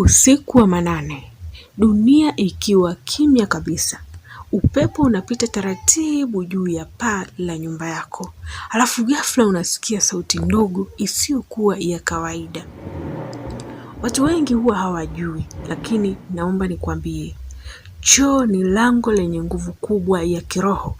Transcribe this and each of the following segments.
Usiku wa manane, dunia ikiwa kimya kabisa. Upepo unapita taratibu juu ya paa la nyumba yako, halafu ghafla unasikia sauti ndogo isiyokuwa ya kawaida. Watu wengi huwa hawajui, lakini naomba nikwambie, choo ni lango lenye nguvu kubwa ya kiroho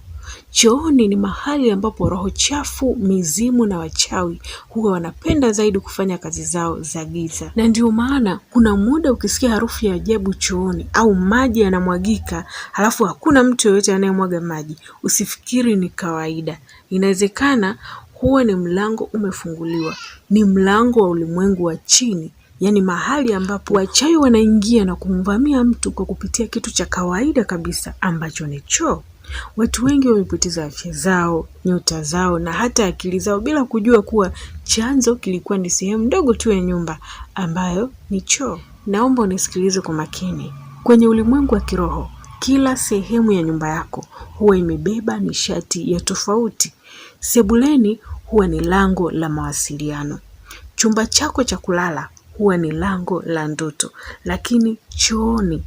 Chooni ni mahali ambapo roho chafu, mizimu na wachawi huwa wanapenda zaidi kufanya kazi zao za giza, na ndio maana kuna muda ukisikia harufu ya ajabu chooni au maji yanamwagika, halafu hakuna mtu yoyote anayemwaga maji, usifikiri ni kawaida. Inawezekana huwa ni mlango umefunguliwa, ni mlango wa ulimwengu wa chini yaani mahali ambapo wachawi wanaingia na kumvamia mtu kwa kupitia kitu cha kawaida kabisa ambacho ni choo. Watu wengi wamepoteza afya zao, nyota zao na hata akili zao bila kujua kuwa chanzo kilikuwa ni sehemu ndogo tu ya nyumba ambayo ni choo. Naomba unisikilize kwa makini. Kwenye ulimwengu wa kiroho, kila sehemu ya nyumba yako huwa imebeba nishati ya tofauti. Sebuleni huwa ni lango la mawasiliano. Chumba chako cha kulala huwa ni lango la ndoto, lakini chooni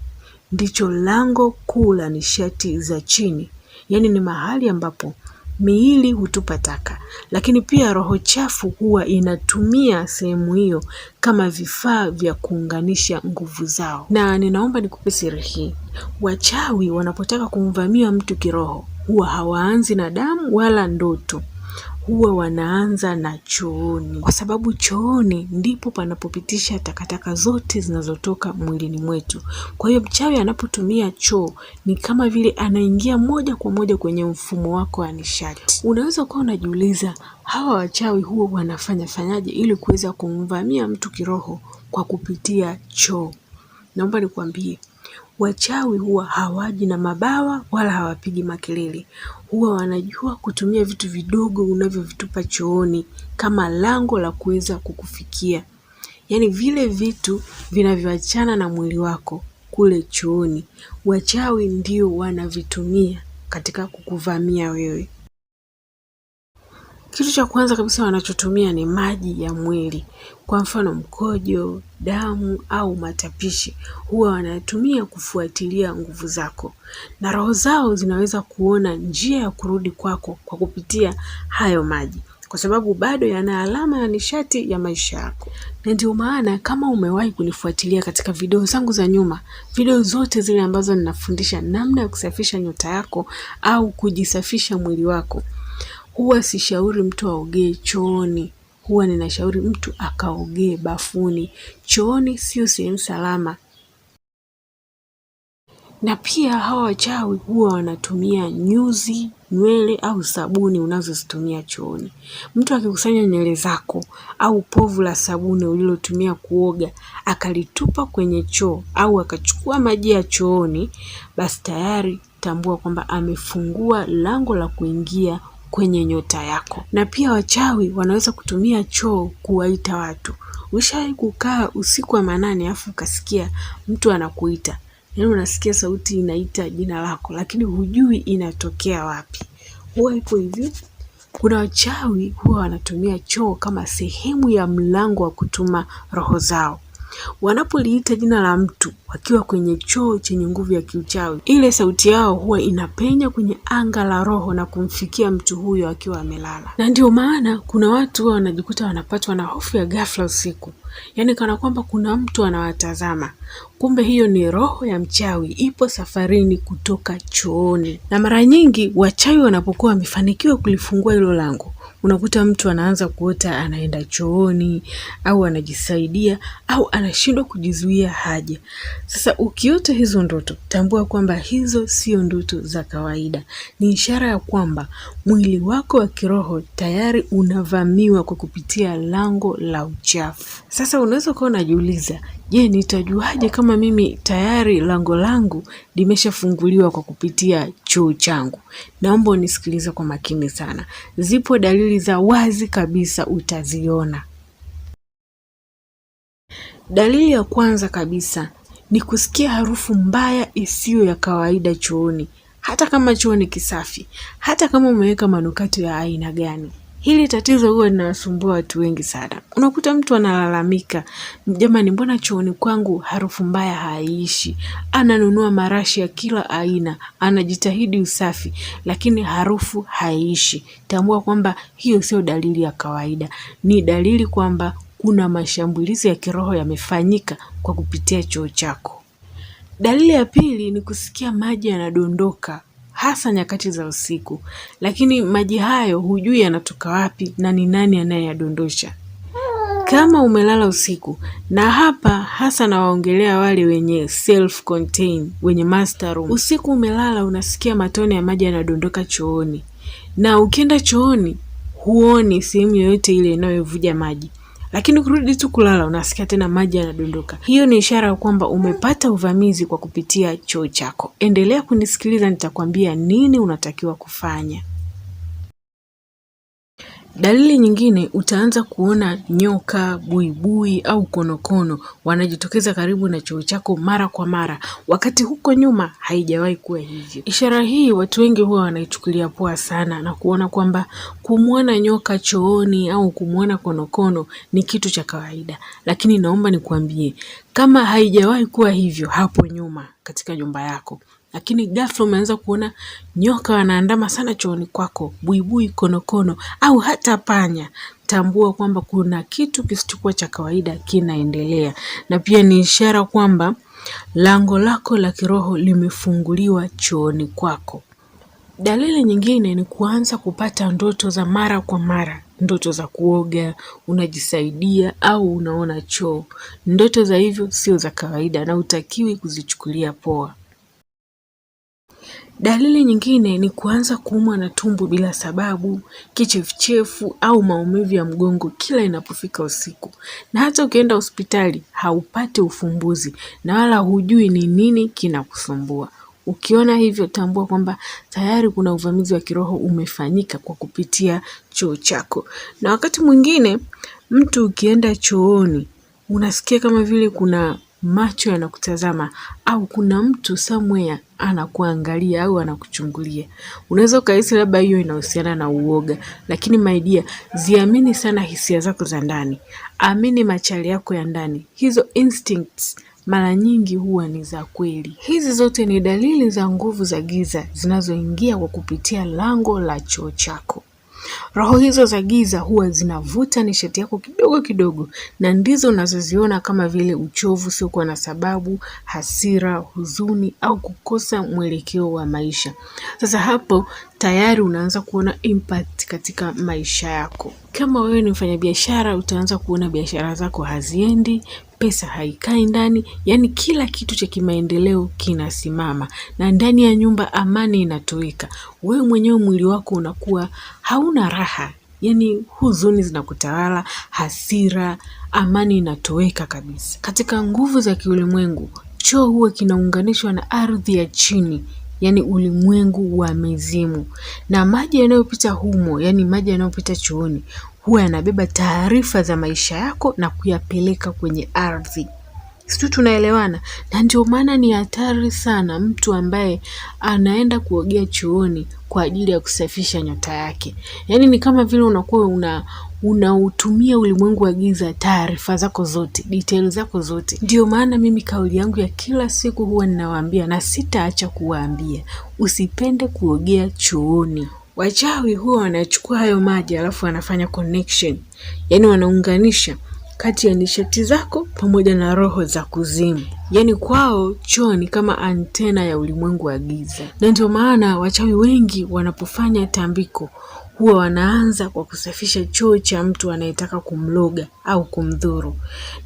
ndicho lango kuu la nishati za chini, yaani ni mahali ambapo miili hutupa taka, lakini pia roho chafu huwa inatumia sehemu hiyo kama vifaa vya kuunganisha nguvu zao. Na ninaomba nikupe siri hii, wachawi wanapotaka kumvamia mtu kiroho huwa hawaanzi na damu wala ndoto, huwa wanaanza na chooni, kwa sababu chooni ndipo panapopitisha takataka zote zinazotoka mwilini mwetu. Kwa hiyo mchawi anapotumia choo ni kama vile anaingia moja kwa moja kwenye mfumo wako wa nishati. Unaweza kuwa unajiuliza hawa wachawi huwa wanafanya fanyaje ili kuweza kumvamia mtu kiroho kwa kupitia choo? Naomba nikwambie, wachawi huwa hawaji na mabawa wala hawapigi makelele huwa wanajua kutumia vitu vidogo unavyovitupa chooni kama lango la kuweza kukufikia, yaani vile vitu vinavyoachana na mwili wako kule chooni, wachawi ndio wanavitumia katika kukuvamia wewe. Kitu cha kwanza kabisa wanachotumia ni maji ya mwili, kwa mfano mkojo, damu au matapishi huwa wanatumia kufuatilia nguvu zako, na roho zao zinaweza kuona njia ya kurudi kwako kwa kupitia hayo maji, kwa sababu bado yana alama ya nishati ya maisha yako. Na ndio maana kama umewahi kunifuatilia katika video zangu za nyuma, video zote zile ambazo ninafundisha namna ya kusafisha nyota yako au kujisafisha mwili wako, huwa sishauri mtu aogee chooni huwa ninashauri mtu akaogee bafuni. Chooni sio sehemu salama, na pia hawa wachawi huwa wanatumia nyuzi, nywele au sabuni unazozitumia chooni. Mtu akikusanya nywele zako au povu la sabuni ulilotumia kuoga akalitupa kwenye choo au akachukua maji ya chooni, basi tayari tambua kwamba amefungua lango la kuingia kwenye nyota yako. Na pia wachawi wanaweza kutumia choo kuwaita watu. Ushawahi kukaa usiku wa manane afu ukasikia mtu anakuita, yaani unasikia sauti inaita jina lako, lakini hujui inatokea wapi. Huwa iko hivi, kuna wachawi huwa wanatumia choo kama sehemu ya mlango wa kutuma roho zao. Wanapoliita jina la mtu wakiwa kwenye choo chenye nguvu ya kiuchawi, ile sauti yao huwa inapenya kwenye anga la roho na kumfikia mtu huyo akiwa amelala. Na ndio maana kuna watu huwa wanajikuta wanapatwa na hofu ya ghafla usiku, yaani kana kwamba kuna mtu anawatazama, kumbe hiyo ni roho ya mchawi ipo safarini kutoka chooni. Na mara nyingi wachawi wanapokuwa wamefanikiwa kulifungua hilo lango Unakuta mtu anaanza kuota, anaenda chooni au anajisaidia au anashindwa kujizuia haja. Sasa ukiota hizo ndoto, tambua kwamba hizo sio ndoto za kawaida, ni ishara ya kwamba mwili wako wa kiroho tayari unavamiwa kwa kupitia lango la uchafu. Sasa unaweza ukawa unajiuliza, Je, nitajuaje kama mimi tayari lango langu limeshafunguliwa kwa kupitia choo changu? Naomba unisikilize kwa makini sana. Zipo dalili za wazi kabisa utaziona. Dalili ya kwanza kabisa ni kusikia harufu mbaya isiyo ya kawaida chooni, hata kama choo ni kisafi, hata kama umeweka manukato ya aina gani. Hili tatizo huwa linawasumbua watu wengi sana. Unakuta mtu analalamika, jamani, mbona chooni kwangu harufu mbaya haiishi? Ananunua marashi ya kila aina, anajitahidi usafi, lakini harufu haiishi. Tambua kwamba hiyo sio dalili ya kawaida, ni dalili kwamba kuna mashambulizi ya kiroho yamefanyika kwa kupitia choo chako. Dalili ya pili ni kusikia maji yanadondoka hasa nyakati za usiku, lakini maji hayo hujui yanatoka wapi na ni nani anayeyadondosha kama umelala usiku. Na hapa hasa nawaongelea wale wenye self contain, wenye master room. Usiku umelala, unasikia matone ya maji yanadondoka chooni, na ukienda chooni huoni sehemu yoyote ile inayovuja maji lakini ukirudi tu kulala unasikia tena maji yanadondoka. Hiyo ni ishara ya kwamba umepata uvamizi kwa kupitia choo chako. Endelea kunisikiliza, nitakwambia nini unatakiwa kufanya. Dalili nyingine utaanza kuona nyoka, buibui au konokono wanajitokeza karibu na choo chako mara kwa mara, wakati huko nyuma haijawahi kuwa hivyo. Ishara hii watu wengi huwa wanaichukulia poa sana na kuona kwamba kumwona nyoka chooni au kumwona konokono ni kitu cha kawaida, lakini naomba nikuambie kama haijawahi kuwa hivyo hapo nyuma katika nyumba yako lakini ghafla umeanza kuona nyoka wanaandama sana chooni kwako, buibui, konokono au hata panya, tambua kwamba kuna kitu kisichokuwa cha kawaida kinaendelea, na pia ni ishara kwamba lango lako la kiroho limefunguliwa chooni kwako. Dalili nyingine ni kuanza kupata ndoto za mara kwa mara, ndoto za kuoga, unajisaidia au unaona choo. Ndoto za hivyo sio za kawaida na utakiwi kuzichukulia poa. Dalili nyingine ni kuanza kuumwa na tumbo bila sababu, kichefuchefu au maumivu ya mgongo kila inapofika usiku. Na hata ukienda hospitali haupati ufumbuzi na wala hujui ni nini kinakusumbua. Ukiona hivyo tambua kwamba tayari kuna uvamizi wa kiroho umefanyika kwa kupitia choo chako. Na wakati mwingine mtu ukienda chooni unasikia kama vile kuna macho yanakutazama au kuna mtu somewhere anakuangalia au anakuchungulia. Unaweza ukahisi labda hiyo inahusiana na uoga, lakini my dear, ziamini sana hisia zako za ndani, amini machari yako ya ndani. Hizo instincts mara nyingi huwa ni za kweli. Hizi zote ni dalili za nguvu za giza zinazoingia kwa kupitia lango la choo chako. Roho hizo za giza huwa zinavuta nishati yako kidogo kidogo, na ndizo unazoziona kama vile uchovu usiokuwa na sababu, hasira, huzuni au kukosa mwelekeo wa maisha. Sasa hapo tayari unaanza kuona impact katika maisha yako. Kama wewe ni mfanyabiashara, utaanza kuona biashara zako haziendi, pesa haikai ndani, yaani kila kitu cha kimaendeleo kinasimama, na ndani ya nyumba amani inatoweka. Wewe mwenyewe mwili wako unakuwa hauna raha, yaani huzuni zinakutawala, hasira, amani inatoweka kabisa. Katika nguvu za kiulimwengu, choo huwa kinaunganishwa na ardhi ya chini yani ulimwengu wa mizimu, na maji yanayopita humo, yani maji yanayopita chooni huwa yanabeba taarifa za maisha yako na kuyapeleka kwenye ardhi. situ tunaelewana? Na ndio maana ni hatari sana mtu ambaye anaenda kuogea chooni kwa ajili ya kusafisha nyota yake. Yaani ni kama vile unakuwa una unautumia ulimwengu wa giza taarifa zako zote, details zako zote. Ndio maana mimi kauli yangu ya kila siku huwa ninawaambia na sitaacha kuwaambia, usipende kuogea chooni. Wachawi huwa wanachukua hayo maji alafu wanafanya connection, yaani wanaunganisha kati ya nishati zako pamoja na roho za kuzimu. Yaani kwao choo ni kama antena ya ulimwengu wa giza, na ndio maana wachawi wengi wanapofanya tambiko huwa wanaanza kwa kusafisha choo cha mtu anayetaka kumloga au kumdhuru,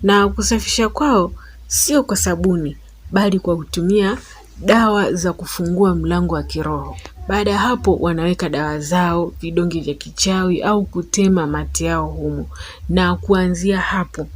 na kusafisha kwao sio kwa sabuni, bali kwa kutumia dawa za kufungua mlango wa kiroho. Baada ya hapo wanaweka dawa zao, vidonge vya kichawi au kutema mate yao humo, na kuanzia hapo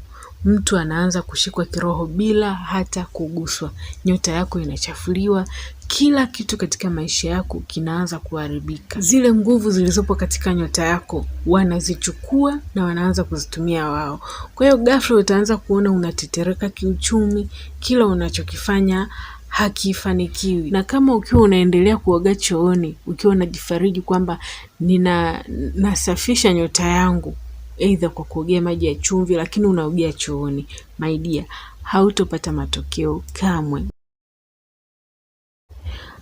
mtu anaanza kushikwa kiroho bila hata kuguswa. Nyota yako inachafuliwa, kila kitu katika maisha yako kinaanza kuharibika. Zile nguvu zilizopo katika nyota yako wanazichukua na wanaanza kuzitumia wao. Kwa hiyo ghafla utaanza kuona unatetereka kiuchumi, kila unachokifanya hakifanikiwi. Na kama ukiwa unaendelea kuoga chooni ukiwa unajifariji kwamba nina nasafisha nyota yangu aidha kwa kuogea maji ya chumvi, lakini unaogea chooni, maidia, hautopata matokeo kamwe.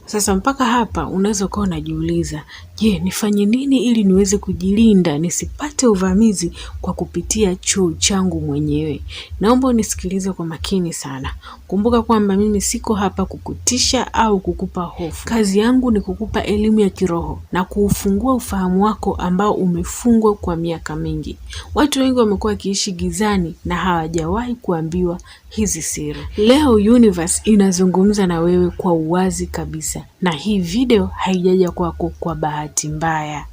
Sasa mpaka hapa unaweza ukawa unajiuliza, Je, nifanye nini ili niweze kujilinda nisipate uvamizi kwa kupitia choo changu mwenyewe? Naomba unisikilize kwa makini sana. Kumbuka kwamba mimi siko hapa kukutisha au kukupa hofu. Kazi yangu ni kukupa elimu ya kiroho na kuufungua ufahamu wako ambao umefungwa kwa miaka mingi. Watu wengi wamekuwa wakiishi gizani na hawajawahi kuambiwa hizi siri. Leo universe inazungumza na wewe kwa uwazi kabisa, na hii video haijaja kwako kwa bahati bahati mbaya.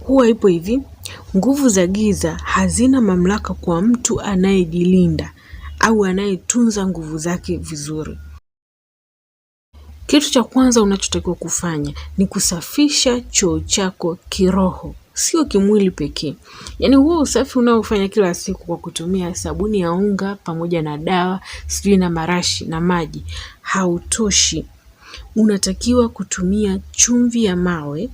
Huwa ipo hivi, nguvu za giza hazina mamlaka kwa mtu anayejilinda au anayetunza nguvu zake vizuri. Kitu cha kwanza unachotakiwa kufanya ni kusafisha choo chako kiroho, sio kimwili pekee. Yaani huo usafi unaofanya kila siku kwa kutumia sabuni ya unga pamoja na dawa sijui na marashi na maji hautoshi. Unatakiwa kutumia chumvi ya mawe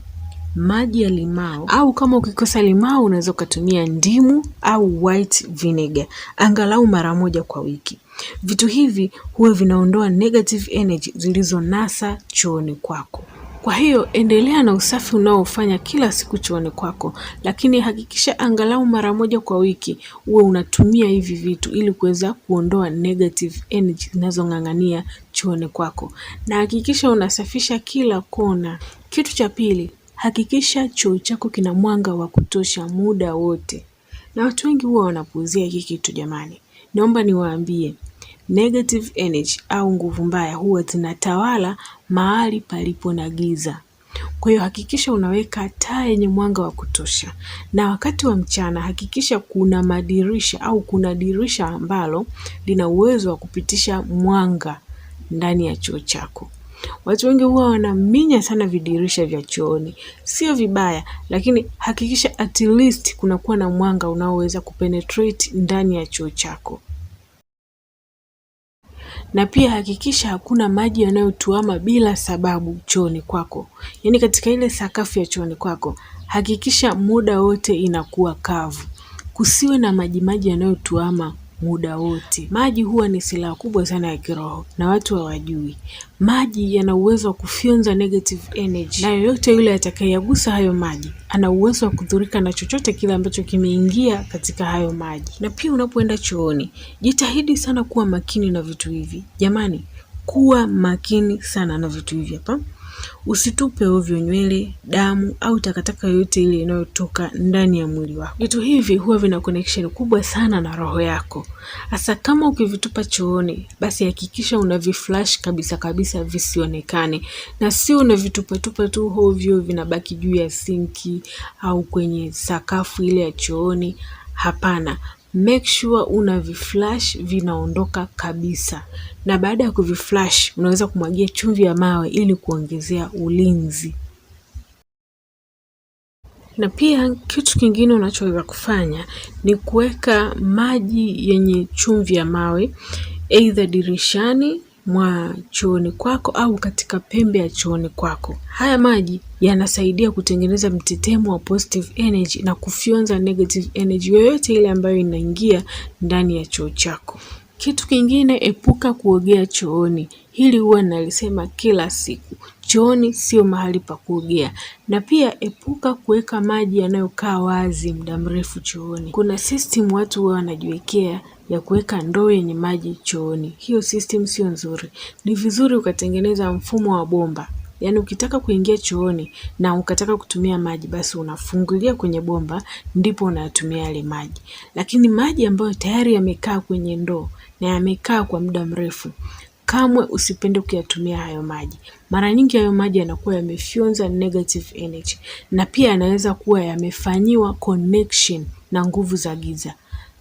maji ya limao, au kama ukikosa limao unaweza ukatumia ndimu au white vinegar angalau mara moja kwa wiki. Vitu hivi huwa vinaondoa negative energy zilizonasa chooni kwako. Kwa hiyo endelea na usafi unaofanya kila siku chooni kwako, lakini hakikisha angalau mara moja kwa wiki uwe unatumia hivi vitu ili kuweza kuondoa negative energy zinazong'ang'ania chooni kwako, na hakikisha unasafisha kila kona. Kitu cha pili, Hakikisha choo chako kina mwanga wa kutosha muda wote, na watu wengi huwa wanapuuzia hiki kitu jamani. Naomba niwaambie, negative energy au nguvu mbaya huwa zinatawala mahali palipo na giza. Kwa hiyo hakikisha unaweka taa yenye mwanga wa kutosha, na wakati wa mchana hakikisha kuna madirisha au kuna dirisha ambalo lina uwezo wa kupitisha mwanga ndani ya choo chako. Watu wengi huwa wanaminya sana vidirisha vya chooni, sio vibaya, lakini hakikisha at least kunakuwa na mwanga unaoweza kupenetrate ndani ya choo chako na pia hakikisha hakuna maji yanayotuama bila sababu chooni kwako, yaani katika ile sakafu ya chooni kwako hakikisha muda wote inakuwa kavu, kusiwe na maji maji yanayotuama muda wote. Maji huwa ni silaha kubwa sana ya kiroho na watu hawajui. Maji yana uwezo wa kufyonza negative energy, na yoyote yule atakayeyagusa hayo maji ana uwezo wa kudhurika na chochote kile ambacho kimeingia katika hayo maji. Na pia unapoenda chooni, jitahidi sana kuwa makini na vitu hivi jamani, kuwa makini sana na vitu hivi hapa. Usitupe ovyo nywele, damu au takataka yoyote ile inayotoka ndani ya mwili wako. Vitu hivi huwa vina connection kubwa sana na roho yako. Hasa kama ukivitupa chooni, basi hakikisha unaviflash kabisa kabisa visionekane, na sio unavitupatupa tu hovyo vinabaki juu ya sinki au kwenye sakafu ile ya chooni. Hapana, make sure unaviflash vinaondoka kabisa na baada ya kuviflash unaweza kumwagia chumvi ya mawe ili kuongezea ulinzi. Na pia kitu kingine unachoweza kufanya ni kuweka maji yenye chumvi ya mawe aidha dirishani mwa chooni kwako au katika pembe ya chooni kwako. Haya maji yanasaidia kutengeneza mtetemo wa positive energy na kufyonza negative energy yoyote ile ambayo inaingia ndani ya choo chako. Kitu kingine, epuka kuogea chooni. Hili huwa nalisema kila siku, chooni sio mahali pa kuogea. Na pia epuka kuweka maji yanayokaa wazi muda mrefu chooni. Kuna system watu huwa wanajiwekea ya kuweka ndoo yenye maji chooni. Hiyo system sio nzuri. Ni vizuri ukatengeneza mfumo wa bomba yaani ukitaka kuingia chooni na ukataka kutumia maji basi unafungulia kwenye bomba ndipo unayatumia yale maji, lakini maji ambayo tayari yamekaa kwenye ndoo na yamekaa kwa muda mrefu, kamwe usipende kuyatumia hayo maji. Mara nyingi hayo maji yanakuwa yamefyonza negative energy, na pia yanaweza kuwa yamefanyiwa connection na nguvu za giza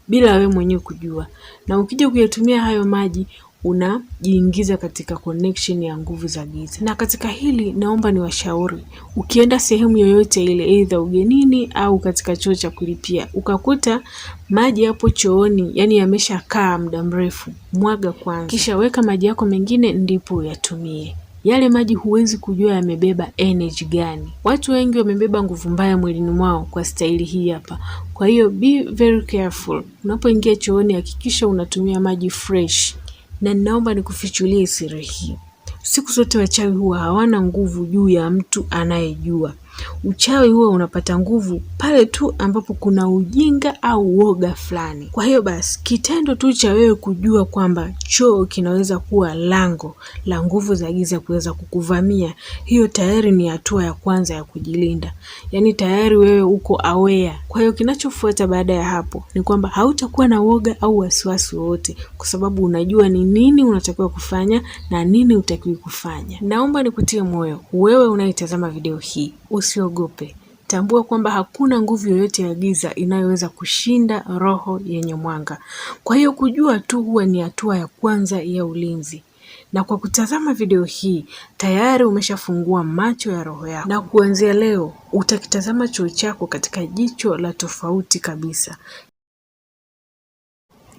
bila wewe mwenyewe kujua, na ukija kuyatumia hayo maji unajiingiza katika connection ya nguvu za giza. Na katika hili naomba ni washauri ukienda sehemu yoyote ile, aidha ugenini au katika choo cha kulipia, ukakuta maji yapo chooni, yani yameshakaa muda mrefu, mwaga kwanza, kisha weka maji yako mengine, ndipo uyatumie. Yale maji huwezi kujua yamebeba energy gani. Watu wengi wamebeba nguvu mbaya mwilini mwao kwa staili hii hapa. Kwa hiyo be very careful unapoingia chooni, hakikisha unatumia maji fresh na ninaomba nikufichulie siri hii. Siku zote wachawi huwa hawana nguvu juu ya mtu anayejua. Uchawi huo unapata nguvu pale tu ambapo kuna ujinga au uoga fulani. Kwa hiyo basi, kitendo tu cha wewe kujua kwamba choo kinaweza kuwa lango la nguvu za giza kuweza kukuvamia, hiyo tayari ni hatua ya kwanza ya kujilinda, yaani tayari wewe uko aware. Kwa hiyo kinachofuata baada ya hapo ni kwamba hautakuwa na uoga au wasiwasi wowote, kwa sababu unajua ni nini unatakiwa kufanya na nini utakiwi kufanya. Naomba nikutie moyo wewe unayetazama video hii usi usiogope. Tambua kwamba hakuna nguvu yoyote ya giza inayoweza kushinda roho yenye mwanga. Kwa hiyo kujua tu huwa ni hatua ya kwanza ya ulinzi. Na kwa kutazama video hii tayari umeshafungua macho ya roho yako, na kuanzia leo utakitazama choo chako katika jicho la tofauti kabisa.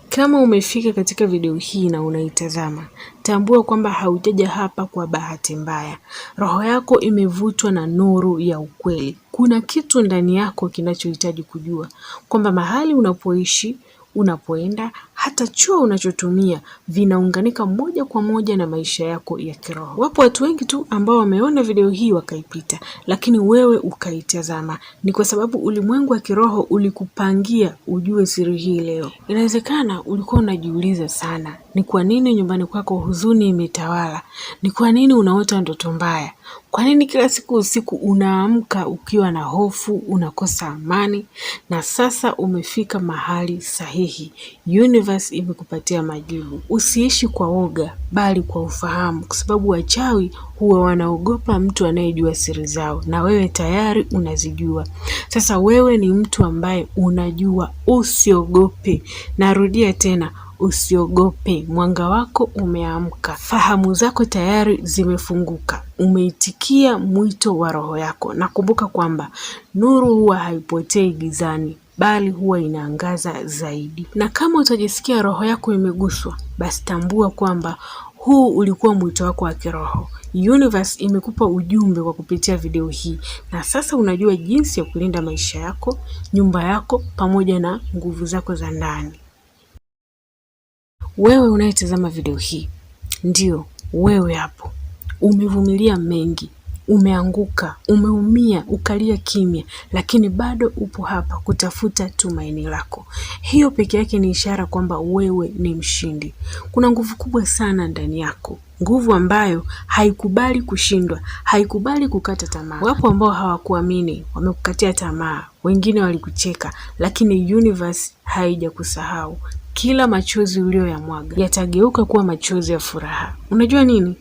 Kama umefika katika video hii na unaitazama, Tambua kwamba haujaja hapa kwa bahati mbaya. Roho yako imevutwa na nuru ya ukweli. Kuna kitu ndani yako kinachohitaji kujua kwamba mahali unapoishi unapoenda, hata chuo unachotumia vinaunganika moja kwa moja na maisha yako ya kiroho. Wapo watu wengi tu ambao wameona video hii wakaipita, lakini wewe ukaitazama. Ni kwa sababu ulimwengu wa kiroho ulikupangia ujue siri hii leo. Inawezekana ulikuwa unajiuliza sana, ni kwa nini nyumbani kwako huzuni imetawala? Ni kwa nini unaota ndoto mbaya? Kwa nini kila siku usiku unaamka ukiwa na hofu, unakosa amani? Na sasa umefika mahali sahihi. Universe imekupatia majibu. Usiishi kwa woga, bali kwa ufahamu, kwa sababu wachawi huwa wanaogopa mtu anayejua siri zao, na wewe tayari unazijua. Sasa wewe ni mtu ambaye unajua, usiogope. Narudia tena, Usiogope, mwanga wako umeamka, fahamu zako tayari zimefunguka. Umeitikia mwito wa roho yako, na kumbuka kwamba nuru huwa haipotei gizani bali huwa inaangaza zaidi. Na kama utajisikia roho yako imeguswa, basi tambua kwamba huu ulikuwa mwito wako wa kiroho. Universe imekupa ujumbe kwa kupitia video hii, na sasa unajua jinsi ya kulinda maisha yako, nyumba yako, pamoja na nguvu zako za ndani. Wewe unayetazama video hii, ndio wewe hapo, umevumilia mengi, umeanguka, umeumia, ukalia kimya, lakini bado upo hapa kutafuta tumaini lako. Hiyo peke yake ni ishara kwamba wewe ni mshindi. Kuna nguvu kubwa sana ndani yako, nguvu ambayo haikubali kushindwa, haikubali kukata tamaa. Wapo ambao hawakuamini, wamekukatia tamaa, wengine walikucheka, lakini universe haijakusahau kila machozi uliyoyamwaga yatageuka kuwa machozi ya furaha. Unajua nini?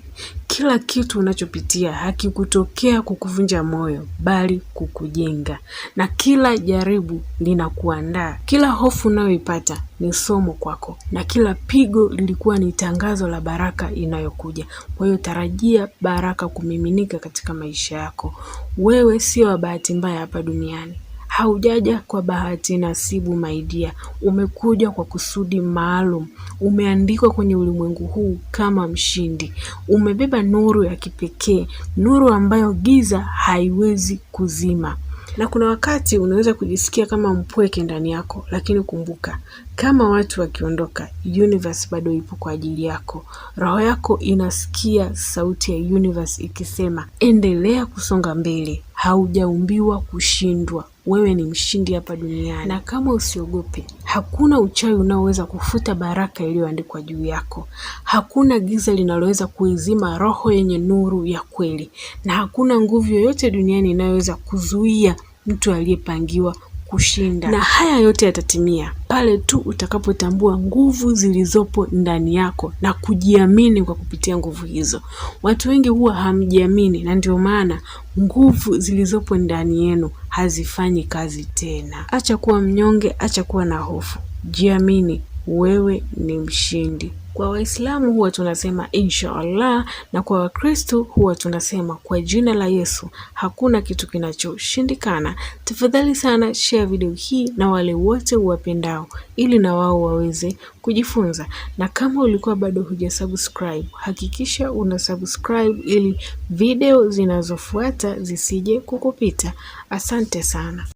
Kila kitu unachopitia hakikutokea kukuvunja moyo, bali kukujenga, na kila jaribu linakuandaa. Kila hofu unayoipata ni somo kwako, na kila pigo lilikuwa ni tangazo la baraka inayokuja. Kwa hiyo tarajia baraka kumiminika katika maisha yako. Wewe sio wa bahati mbaya hapa duniani. Haujaja kwa bahati nasibu maidia dear, umekuja kwa kusudi maalum. Umeandikwa kwenye ulimwengu huu kama mshindi. Umebeba nuru ya kipekee, nuru ambayo giza haiwezi kuzima. Na kuna wakati unaweza kujisikia kama mpweke ndani yako, lakini kumbuka, kama watu wakiondoka, universe bado ipo kwa ajili yako. Roho yako inasikia sauti ya universe ikisema, endelea kusonga mbele, haujaumbiwa kushindwa wewe ni mshindi hapa duniani, na kama usiogope. Hakuna uchawi unaoweza kufuta baraka iliyoandikwa juu yako. Hakuna giza linaloweza kuizima roho yenye nuru ya kweli, na hakuna nguvu yoyote duniani inayoweza kuzuia mtu aliyepangiwa kushinda, na haya yote yatatimia pale tu utakapotambua nguvu zilizopo ndani yako na kujiamini kwa kupitia nguvu hizo. Watu wengi huwa hamjiamini, na ndio maana nguvu zilizopo ndani yenu hazifanyi kazi tena. Acha kuwa mnyonge, acha kuwa na hofu, jiamini wewe ni mshindi. Kwa Waislamu huwa tunasema insha Allah, na kwa Wakristo huwa tunasema kwa jina la Yesu. Hakuna kitu kinachoshindikana. Tafadhali sana share video hii na wale wote uwapendao, ili na wao waweze kujifunza. Na kama ulikuwa bado huja subscribe, hakikisha una subscribe ili video zinazofuata zisije kukupita. Asante sana.